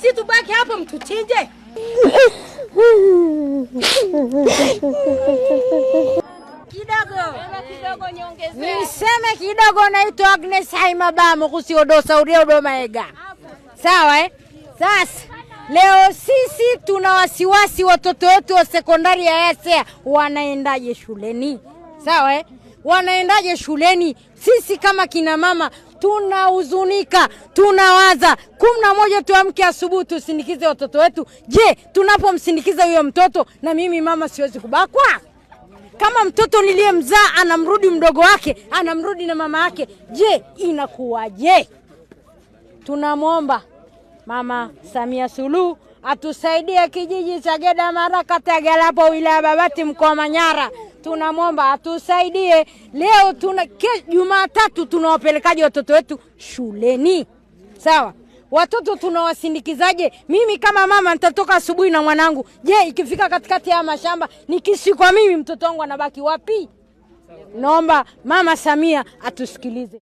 si tubaki hapo mtuchinje? kidogo kidogo nyongezea. Niseme kidogo, naitwa Agnes Haima Bamo kusiodo sauria udomaega. Sawa eh? Sasa leo sisi tuna wasiwasi watoto wetu wa sekondari ya Yasea wanaendaje shuleni? Sawa eh? wanaendaje shuleni? Sisi kama kina mama tunahuzunika, tunawaza kumi na moja tuamke asubuhi tusindikize watoto wetu. Je, tunapomsindikiza huyo mtoto, na mimi mama siwezi kubakwa? Kama mtoto niliyemzaa anamrudi mdogo wake, anamrudi na mama yake, je, inakuwaje? Tunamwomba Mama Samia Suluhu atusaidie kijiji cha Geda Mara, kata wilaya Babati, mkoa Manyara tunamwomba atusaidie leo. Tuna Jumatatu tunawapelekaje watoto wetu shuleni? Sawa, watoto tunawasindikizaje? Mimi kama mama nitatoka asubuhi na mwanangu, je, ikifika katikati ya mashamba nikishikwa mimi, mtoto wangu anabaki wapi? Naomba Mama Samia atusikilize.